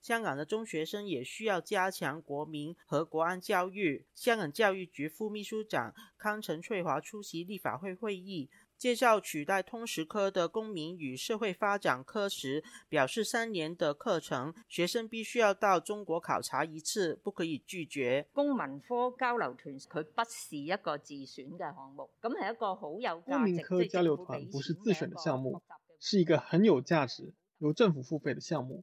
香港的中學生也需要加強國民和國安教育。香港教育局副秘書長康陳翠華出席立法會會議，介紹取代通識科的公民與社會發展科時，表示三年的課程，學生必須要到中國考察一次，不可以拒絕。公民科交流團，佢不是一個自選嘅項目，咁係一個好有價值。公民科交流團，公民科交流團不是自選的項目，是一個很有價值、由政府付費的項目。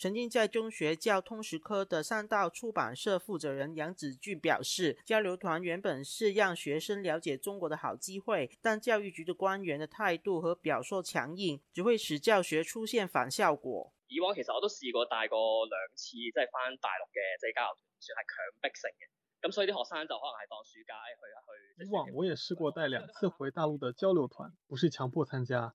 曾經在中學教通識科的三道出版社負責人楊子俊表示：“交流團原本是讓學生了解中國的好機會，但教育局的官員的態度和表述強硬，只會使教學出現反效果。”以往其實我都試過帶過兩次，即係翻大陸嘅，即係交流團，算係強迫性嘅。咁所以啲學生就可能係放暑假去一去。去、去、去、去。以往我也試過帶兩次回大陸的交流團，不是強迫參加。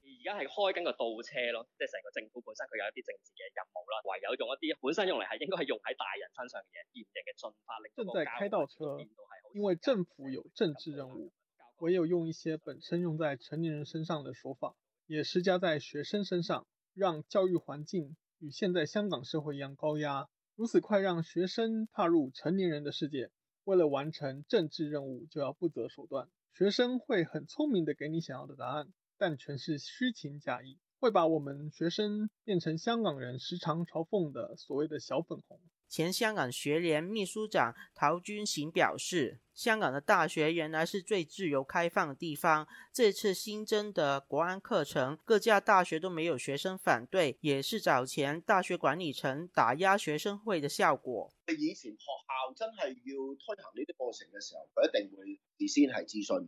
而家係開緊個倒車咯，即係成個政府本身佢有一啲政治嘅任務啦，唯有用一啲本身用嚟係應該係用喺大人身上嘅嚴刑嘅峻法，令正在開倒車，到因為政府有政治任務，唯有用一些本身用在成年人身上的手法，也施加在學生身上，讓教育環境與現在香港社會一樣高壓。如此快讓學生踏入成年人的世界，為了完成政治任務就要不擇手段。學生會很聰明地給你想要的答案。但全是虛情假意，會把我們學生變成香港人時常嘲諷的所謂的小粉紅。前香港學聯秘書長陶君行表示，香港的大學原來是最自由開放的地方，這次新增的國安課程，各家大學都沒有學生反對，也是早前大學管理層打壓學生會的效果。以前學校真係要推行呢啲課程嘅時候，佢一定會事先係諮詢。